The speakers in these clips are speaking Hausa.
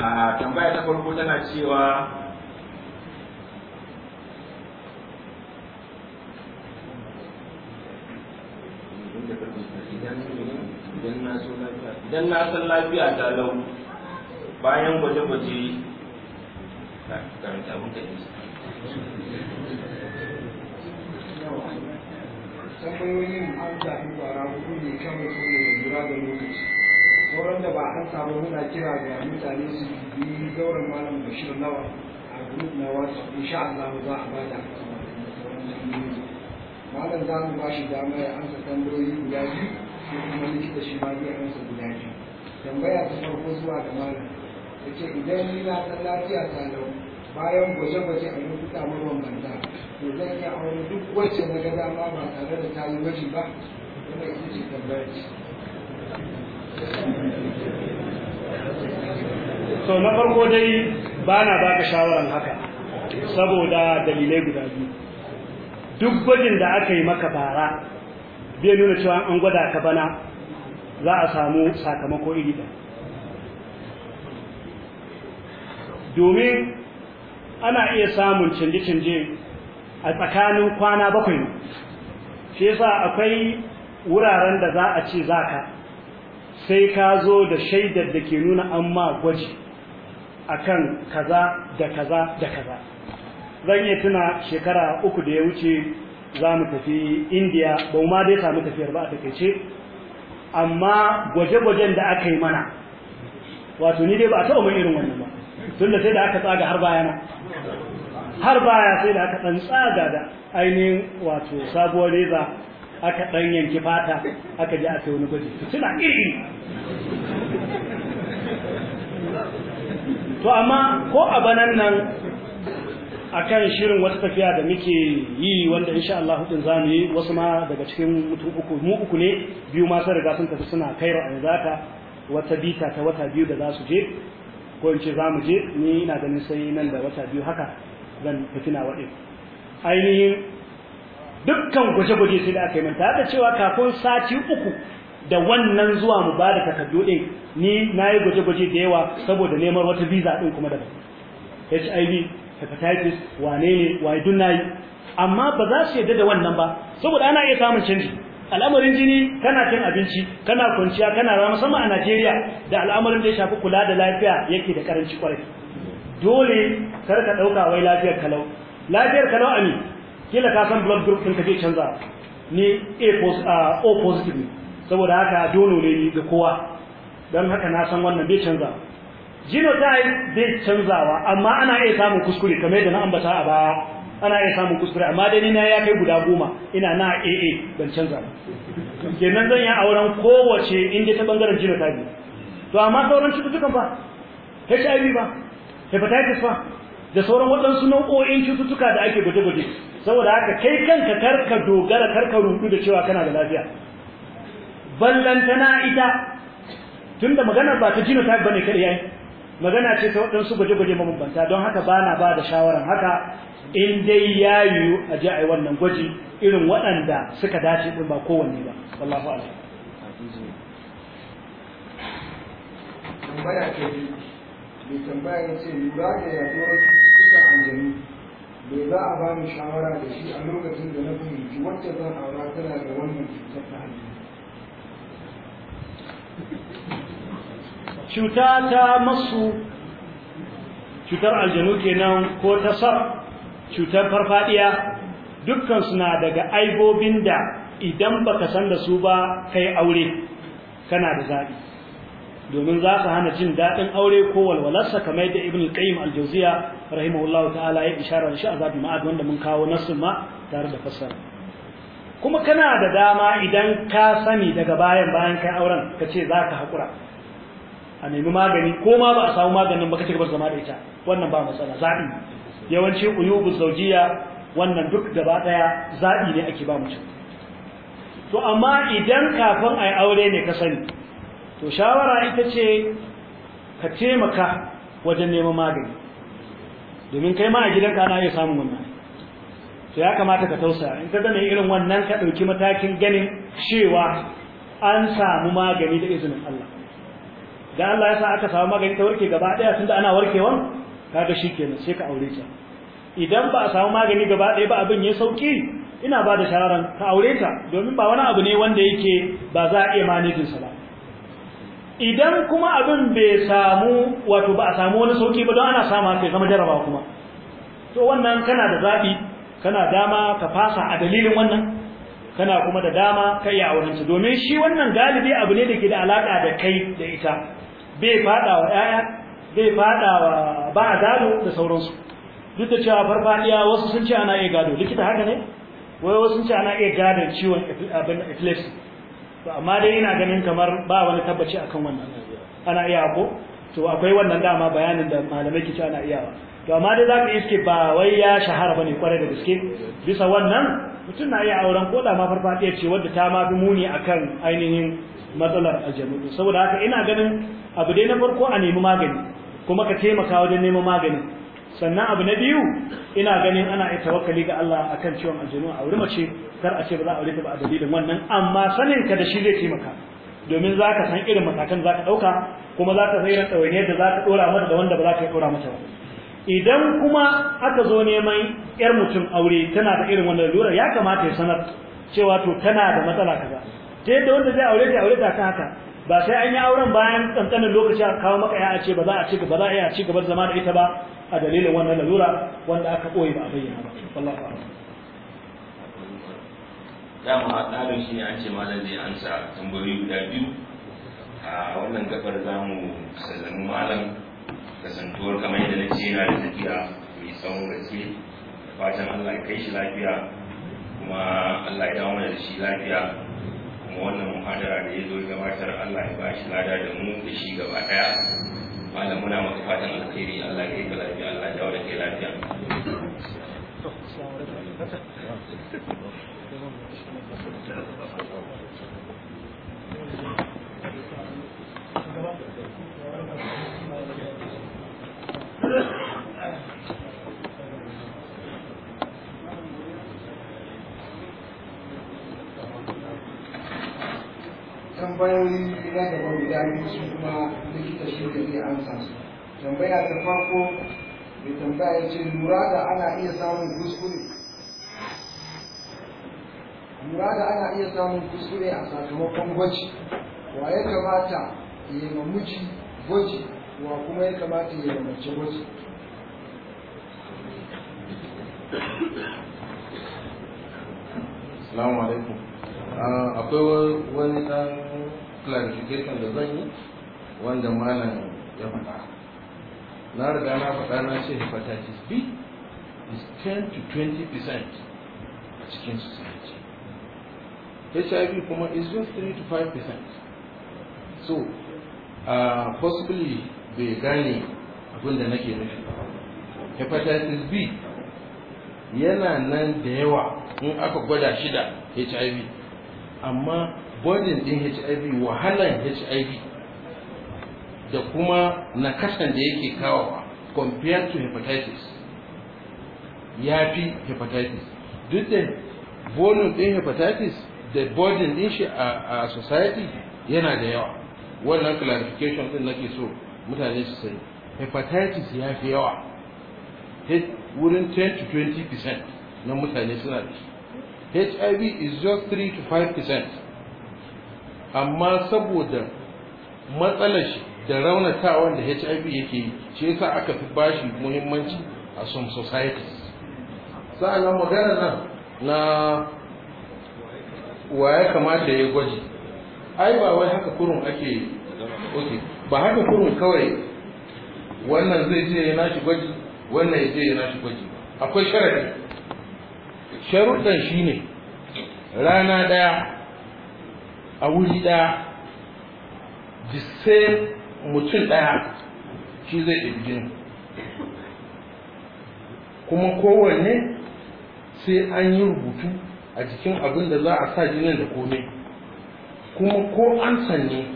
a tambaya ta farko tana cewa idan na san lafiya ta lau bayan gwaje-gwaje karanta abin da an hudu ne lura da lokaci sauran da ba an samu muna kira ga mutane su yi zauren malam bashir lawa a group na whatsapp insha Allah za a bada malam za mu ba shi dama ya amsa tambayoyi guda biyu sai kuma likita shi ma zai ansa guda biyu tambaya ta farko zuwa ga malam ya ce idan ni na san lafiya lau bayan gwaje-gwaje a lokuta mabambanta to zan iya auri duk wacce na ga dama ba tare da ta yi gwaji ba kuma ita ce tambayar so na farko dai ba na baka shawaran haka saboda dalilai guda biyu duk gwajin da aka yi maka bara bai nuna cewa an gwada ka bana za a samu sakamako iri da domin ana iya samun canje-canje a tsakanin kwana bakwai shi yasa akwai wuraren da za a ce za ka sai ka zo da shaidar da ke nuna an ma gwaji akan kaza da kaza da kaza zan iya tuna shekara uku da ya wuce za mu tafi indiya ba ma dai samu tafiyar ba a takaice amma gwaje-gwajen da aka yi mana wato ni dai ba a taɓa mun irin wannan ba tunda sai da aka tsaga har baya na. har baya sai da aka tsaga da ainihin wato sabuwar reza aka ɗan yanki fata aka ji aka wani gwaji fitina iri to amma ko a banan nan akan shirin wata tafiya da muke yi wanda insha Allah din zamu yi wasu ma daga cikin mutu uku mu uku ne biyu ma sun riga sun tafi suna kairo an zata wata bita ta wata biyu da za su je ko in ce zamu je ni ina ganin sai nan da wata biyu haka zan tafi na waɗe ainihin dukkan gwaje-gwaje sai da aka yi manta da cewa kafin sati uku da wannan zuwa mu ba da takardu ɗin ni na yi gwaje-gwaje da yawa saboda neman wata visa ɗin kuma daga hiv hepatitis wane ne waye dun nayi amma ba za su yarda da wannan ba saboda ana iya samun canji al'amarin jini kana cin abinci kana kwanciya kana rawa sama a Najeriya da al'amarin da ya shafi kula da lafiya yake da karanci kwarai dole kar ka dauka wai lafiyar kalau lafiyar kalau ami kila ka san blood group ɗinka zai canza ni a o positive saboda haka dono ne ga kowa don haka na san wannan bai canza genotype bai canzawa amma ana iya samun kuskure kamar yadda na ambata a baya ana iya samun kuskure amma dai ni na ya kai guda goma ina na AA ban canza ba kenan zan yi auren kowace inda ta bangaren genotype to amma sauran cututtukan ba HIV ba hepatitis ba da sauran waɗansu nau'o'in cututtuka da ake gwaje-gwaje saboda haka kai kanka karka dogara karka rudu da cewa kana da lafiya ballantana ita tunda magana ba ta jino ta bane kare yayi magana ce ta wadansu gwaje-gwaje mabambanta don haka bana ba da shawaran haka in dai yayi a ji ai wannan gwaji irin waɗanda suka dace din ba kowanne ba wallahi a'lam tambaya ce mai tambaya ce lura da yaduwar cututtukan anjami me za a ba ni shawara da shi a lokacin da na fahimci wacce zan aura tana da wannan cutar ta hanyar cuta ta masu cutar aljanu kenan ko ta sar cutar farfadiya dukkan suna daga aibobin da idan baka san da su ba kai aure kana da zaɓi. domin za su hana jin daɗin aure ko walwalarsa kamar yadda ibn al-qayyim al-jawziya rahimahullahu ta'ala ya isharar da shi a zabi ma'ad wanda mun kawo nasu ma tare da fassara kuma kana da dama idan ka sani daga bayan bayan kai auren ka ce za ka haƙura a nemi magani ko ma ba a samu maganin ba ka ci gaba zama da ita wannan ba matsala zaɓi yawanci uyubu zaujiya wannan duk gaba ɗaya zaɓi ne ake ba mutum to amma idan kafin a yi aure ne ka sani to shawara ita ce ka taimaka wajen neman magani domin kai ma a gidanka ana iya samun wannan to ya kamata ka tausa in ka gane irin wannan ka ɗauki matakin ganin cewa an samu magani da izinin Allah da Allah ya sa aka samu magani ta warke gaba ɗaya tunda ana warkewan kaga shikenan sai ka aure ta idan ba a samu magani gaba ɗaya ba abin ya sauki ina ba da shawaran ka aure ta domin ba wani abu ne wanda yake ba za a iya sa ba idan kuma abin bai samu wato ba a samu wani sauki ba don ana samu a zama jaraba kuma to wannan kana da zaɓi kana dama ka fasa a dalilin wannan kana kuma da dama ka yi aurenci domin shi wannan galibi abu ne da ke da alaƙa da kai da ita bai faɗa wa ‘ya'ya bai faɗa wa ba a gado da sauransu duk da cewa farfaɗiya wasu sun ce ana iya gado likita haka ne wai wasu sun ce ana iya gado ciwon epilepsy to amma dai ina ganin kamar ba wani tabbaci akan wannan ana iya ko to akwai wannan dama bayanin da malamai kici ana iya to amma dai zaka iske ba wai ya shahara bane kwarai da gaske bisa wannan mutum na iya auren ko da ma farfadiya ce wadda ta ma bi muni akan ainihin matsalar aljanu saboda haka ina ganin abu dai na farko a nemi magani kuma ka taimaka wajen neman magani sannan abu na biyu ina ganin ana yi tawakkali ga Allah akan ciwon aljanu a wuri mace kar a ce ba za a ta ba a dalilin wannan amma sanin ka da shi zai taimaka domin za ka san irin matakan za ka ɗauka kuma za ka san irin ɗawainiyar da za ka ɗora mata da wanda ba za ka ɗora mata ba idan kuma aka zo neman yar mutum aure tana da irin wannan lura ya kamata ya sanar cewa to tana da matsala kaza ta yadda wanda zai aure ta aure ta kan haka ba sai an yi auren bayan tsantsanin lokaci a kawo maka ya ce ba za a ci gaba za a ci gaba zama da ita ba a dalilin wannan lalura wanda aka koyi ba a bayyana ba wallahi ba a tsarin shi ne an ce malam zai ansa tambayoyi guda biyu a wannan gabar zamu mu malam kasantuwar kamar yadda na ce yana da tafiya mai tsawon gaske fatan Allah ya kai shi lafiya kuma Allah ya dawo mana da shi lafiya wannan muhadara da ya zo gabatar Allah ya bashi lada da mu da shi gaba daya malam muna maka fatan alkhairi Allah ya yi lafiya Allah ya dawo da kai lafiya Thank you. tambayoyi na gaba guda biyu su kuma likita shi da zai amsa su tambaya ta farko mai tambaya ya ce lura da ana iya samun kuskure lura da ana iya samun kuskure a sakamakon gwaji wa ya kamata ya yi mamuci gwaji wa kuma ya kamata ya yi mace gwaji Assalamu alaikum. Ah, akwai wani ɗan. clarification da zan yi wanda malam ya faɗa na riga na faɗa na ce hepatitis b is 10 to 20 percent a cikin society hiv kuma is just 3 to 5 percent so uh, possibly bai gane abin da nake nufi hepatitis b yana nan da yawa in aka gwada shida hiv amma bodin din HIV wahalan HIV da kuma nakasan da yake kawowa compared to hepatitis ya fi hepatitis duk da volume din hepatitis da burden din shi a society yana da yawa wannan clarification din nake so mutane su sani hepatitis ya fi yawa wurin 10 to 20 percent na mutane suna da shi hiv is just 3 to 5 percent amma saboda matsalar shi da raunatawan da HIV yake yi shi yasa aka fi bashi muhimmanci a some societies sa'annan magana nan na wa ya kamata ya gwaji ai ba wai haka kurun ake oke ba haka kurun kawai wannan zai je ya nashi gwaji wannan ya je ya nashi gwaji akwai sharadi shi shine rana ɗaya a wuri ɗaya jisse mutum ɗaya shi zai ɗin kuma kowanne sai an yi rubutu a jikin abin da za a sa jinin da komai kuma ko an sanni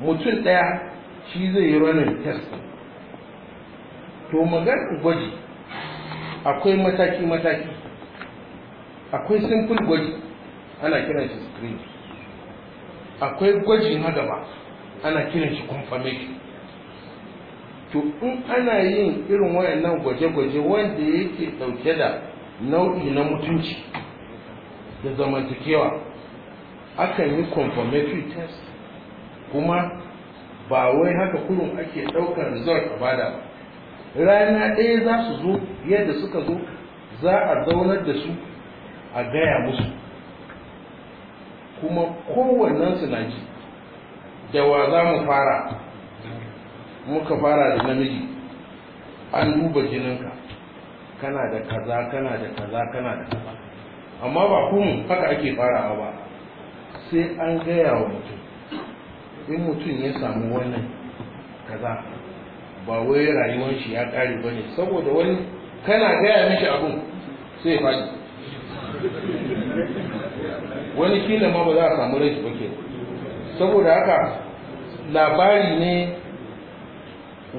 mutum ɗaya shi zai yi ranar test to magar gwaji akwai mataki-mataki akwai simple gwaji ana kiran shi screening akwai gwaji na gaba ana kiran shi confirmation to in ana yin irin wayannan gwaje-gwaje wanda yake dauke da nau'i na mutunci da zamantakewa akan yi confirmatory test kuma ba wai haka kurun ake daukar result a bada rana ɗaya za su zo yadda suka zo za a zaunar da su a gaya musu kuma kowannen su naji da wa za mu fara muka fara da namiji an duba jininka kana da kaza kana da kaza kana da kaza amma ba kun haka ake farawa ba sai an gaya wa mutum in mutum ya samu wannan kaza ba wai rayuwar shi ya kare ba ne saboda wani kana gaya mishi abun sai ya faɗi wani kila ma ba za a samu rai shi ba saboda haka labari ne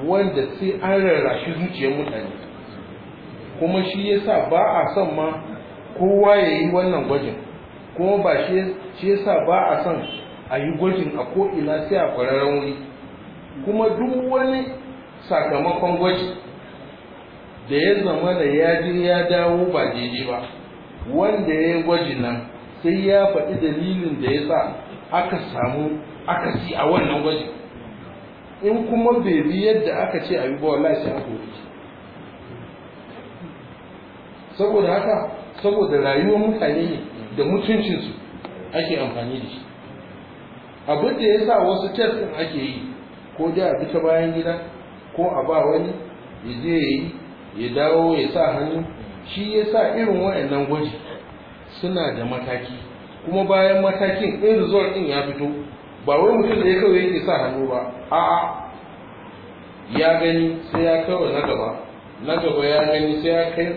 wanda sai an rarrashi zuciyar mutane kuma shi ya sa ba a son ma kowa ya yi wannan gwajin kuma ba shi ya sa ba a son a yi gwajin a ko'ina sai a kwararren wuri kuma duk wani sakamakon gwaji da ya zama da ya je ya dawo ba daidai ba wanda ya yi gwaji nan sai ya faɗi dalilin da ya sa aka samu akasi a wannan gwaji in kuma bai bi yadda aka ce a yi ba wallahi sai aka wuce saboda haka saboda rayuwar mutane ne da mutuncinsu ake amfani da shi abin da ya sa wasu test ake yi ko da a ta bayan gida ko a ba wani ya je ya yi ya dawo ya sa hannu shi ya sa irin wa'annan gwaji suna da mataki kuma bayan matakin in result din ya fito ba wai mutum da ya kawai yake sa hannu ba a'a ya gani sai ya kawai na gaba na gaba ya gani sai ya kai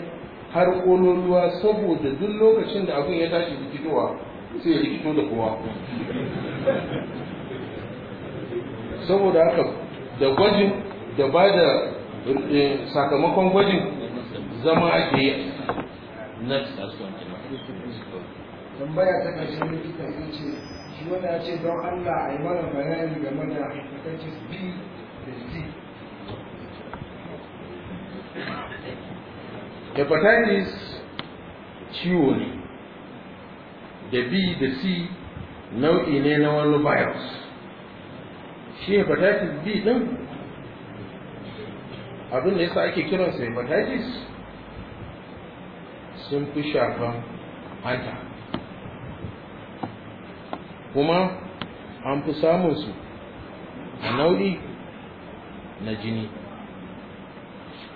har kololuwa saboda duk lokacin da abin ya tashi rikitowa sai ya rikito da kowa saboda haka da gwajin da ba da eh, sakamakon gwajin zama ake yi na kasuwan jama'a tambaya ta karshe likita ya ce shi wanda ya ce don Allah a yi mana bayani game da hepatitis B da C hepatitis ciwo ne da B da C nau'i ne na wani virus shi hepatitis B din abin da yasa ake kiransa hepatitis sun fi shafan hanta kuma an fi samunsu a nau'i na jini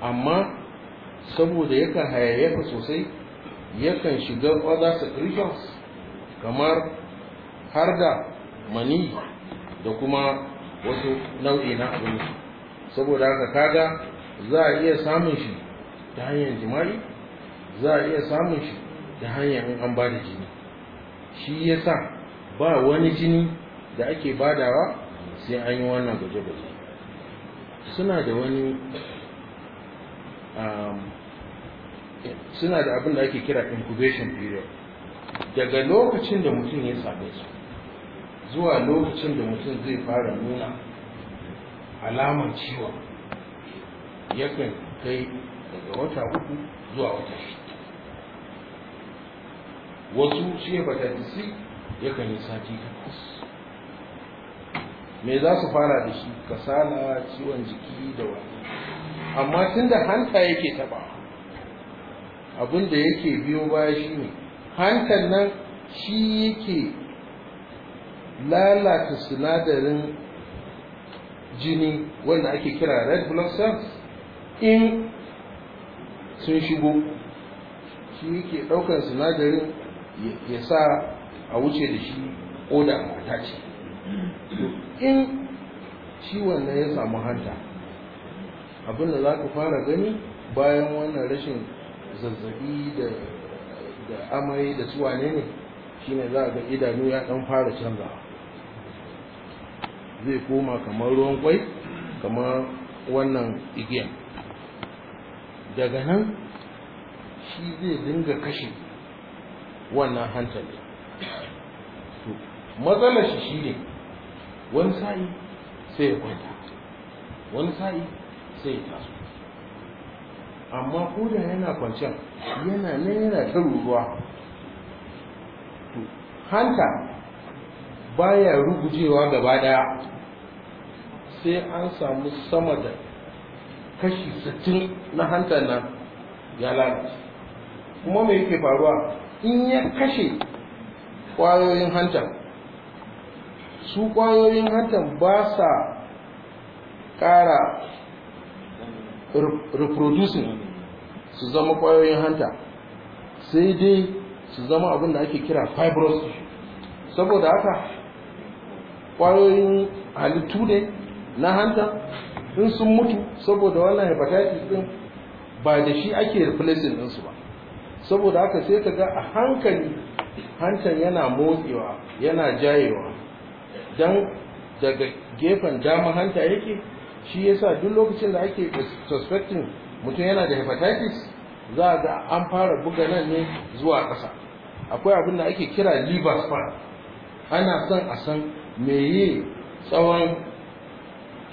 amma saboda yakan hayayyafa sosai yakan shiga other secretions kamar har da mani da kuma wasu nau'i na abinci saboda haka kaga za a iya samun shi ta hanyar jima'i za a iya samun shi ta hanyar in an ba da jini shi ya sa ba wani jini da ake badawa sai an yi wannan gwaje-gwaje suna da wani um, suna da abin da ake kira incubation period daga lokacin da mutum ya same su zuwa lokacin da mutum zai fara nuna alamar ciwon yakan kai daga wata uku zuwa wata shi. wasu shi hepatitis ya yakan yi sati takwas me za su fara da shi kasala ciwon jiki da wani amma tun da hanta yake taba abin da yake biyo baya shine Hantar nan shi yake lalata sinadarin jini wanda ake kira red blood cells in sun shigo shi yake ɗaukar sinadarin ya sa a wuce da shi oda mata ce in ciwon nan ya samu hanta abin da za ka fara gani bayan wannan rashin zazzabi da amai da ciwane ne shi ne za a ga idanu ya dan fara canza zai koma kamar ruwan kwai kamar wannan igiyan daga nan shi zai dinga kashe wannan hantar ne to matsalar shi shine wani sa'i sai ya kwanta wani sa'i sai ya taso amma ko da yana kwanciyar yana nan yana ta ruruwa to hanta baya rugujewa gaba daya sai an samu sama da kashi 60 na hantar nan ya lalace kuma me yake faruwa in kashe ƙwayoyin hantar su ƙwayoyin hantar ba sa kara reproducing su zama ƙwayoyin hanta sai dai su zama abin da ake kira fibrous saboda haka ƙwayoyin halittu ne na hantar in sun mutu saboda wannan hepatitis din ba da shi ake replacing ɗinsu ba saboda haka sai ka ga a hankali hancan yana motsewa yana jayewa don daga gefen dama hanta yake shi yasa duk lokacin da ake suspecting mutum yana da hepatitis za a ga an fara buga nan ne zuwa ƙasa akwai abin da ake kira liver span ana son a san meye tsawon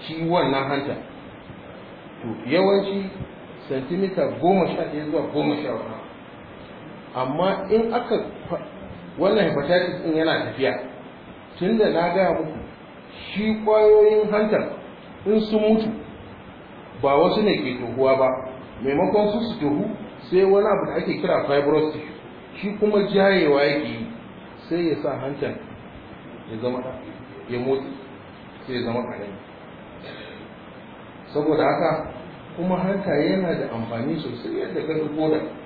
shi wannan hanta to yawanci santimita goma sha ɗaya zuwa goma sha wata amma in aka wannan hepatitis din yana tafiya tunda na gaya muku shi kwayoyin hantar in sun mutu ba wasu ne ke tohuwa ba maimakon su su tohu sai wani abu da ake kira fibrosis shi kuma jayewa yake yi sai ya sa hantar ya zama ya motsi sai ya zama ƙarami saboda haka kuma hanta yana da amfani sosai yadda ga da.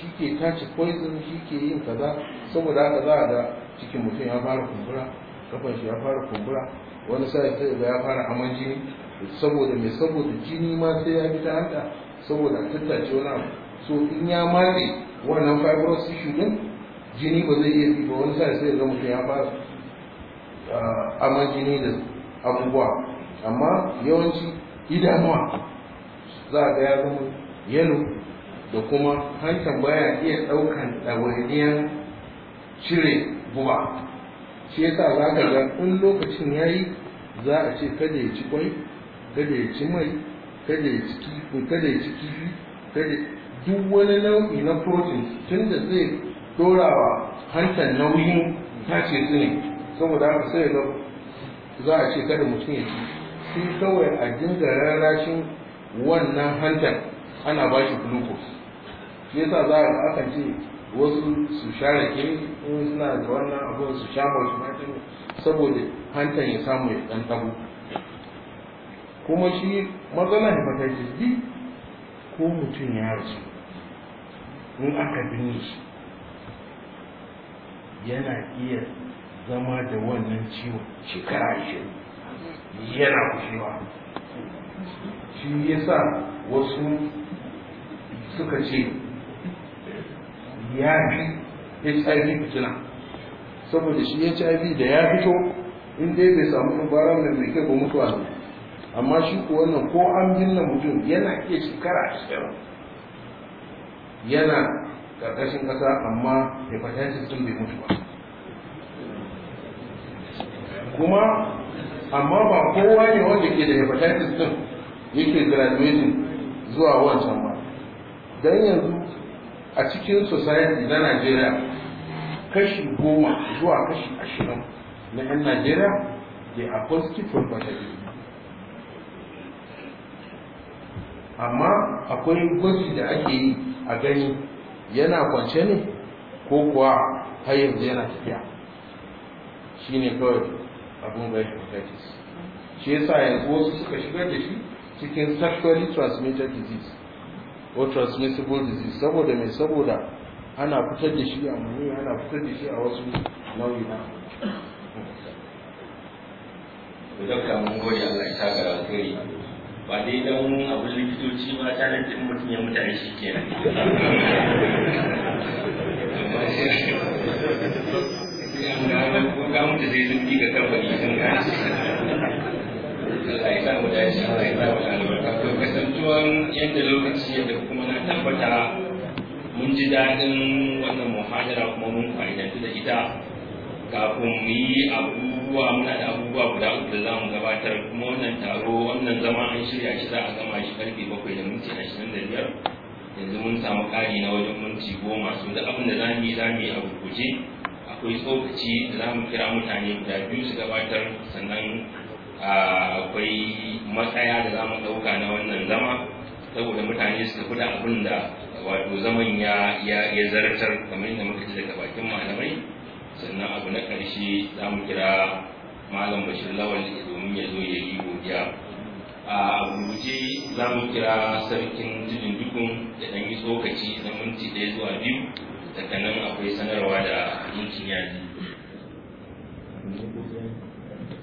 shi ke tace poison shi ke yin kaza saboda haka za a ga cikin mutum ya fara kumbura kafan shi ya fara kumbura wani sai ta ya fara aman jini saboda mai saboda jini ma sai ya fita ta hanta saboda tattace wani abu so in ya matse wannan fibrous issue din jini ba zai iya bi ba wani sai sai ga mutum ya fara ah, aman jini da abubuwa amma yawanci idanuwa za a ga ya zama yellow da kuma hancin baya iya ɗaukan ɗawainiyar cire buwa shi yasa za ka ga in lokacin ya yi za a ce kada ya ci kwai kada ya ci mai kada ya ci kifi kada ya ci kifi kada duk wani nau'i na protein tun da zai dorawa hantar nauyin tace su ne saboda haka sai ga za a ce kada mutum ya ci sai kawai a dinga rarrashin wannan hantar ana ba shi glucose shi yasa za a akan ce wasu su share ke in suna da wannan abun su sha multimatin saboda hantar ya samu ya dan tabo kuma shi matsalar hepatitis B ko mutum ya rasu in aka binne shi yana iya zama da wannan ciwon shekara ashirin yana kushewa shi yasa wasu suka ce ya fi hiv fitina saboda shi hiv da ya fito in dai bai samu da mai kai ba mutuwa ne amma shi ko wannan ko an binne mutum yana iya shekara ashirin yana ƙarƙashin ƙasa amma hepatitis sun bai mutu ba kuma amma ba kowa ne wanda ke da hepatitis din yake graduating zuwa wancan ba don yanzu a cikin society na najeriya kashi goma zuwa kashi ashirin na 'yan najeriya they are positive from amma akwai gwaji da ake yi a gani yana kwance ne ko kuwa har yanzu yana tafiya shi ne kawai abin bai hepatitis shi yasa yanzu wasu suka shigar da shi cikin sexually transmitted disease ko transmissible disease saboda mai saboda ana fitar da shi a maniyyi ana fitar da shi a wasu nau'i na dauka mun gode Allah ya saka da alheri. Ba dai dan abu likitoci ba ta nan din mutum ya mutane shi kenan. Ga mutu zai sun ga kamfani sun gane. Allah ya samu dace Allah ya samu albarka to yadda lokaci yadda kuma na tabbata mun ji daɗin wannan muhadara kuma mun fa'idantu da ita kafin mu yi abubuwa muna da abubuwa guda uku da za mu gabatar kuma wannan taro wannan zama an shirya shi a gama karfe bakwai da minti ashirin da biyar yanzu mun samu ƙari na wajen minti goma su abin da za mu yi za mu yi a gurguje akwai tsokaci da za mu kira mutane guda biyu su gabatar sannan akwai matsaya da za mu ɗauka na wannan zama saboda mutane su tafi da abin da wato zaman ya zartar kamar yadda muka ci daga bakin malamai sannan abu na ƙarshe za mu kira malam bashir lawal domin ya zo ya yi godiya a rubuce za mu kira sarkin jinin dukun da ɗan yi tsokaci na minti ɗaya zuwa biyu daga nan akwai sanarwa da yankin yaji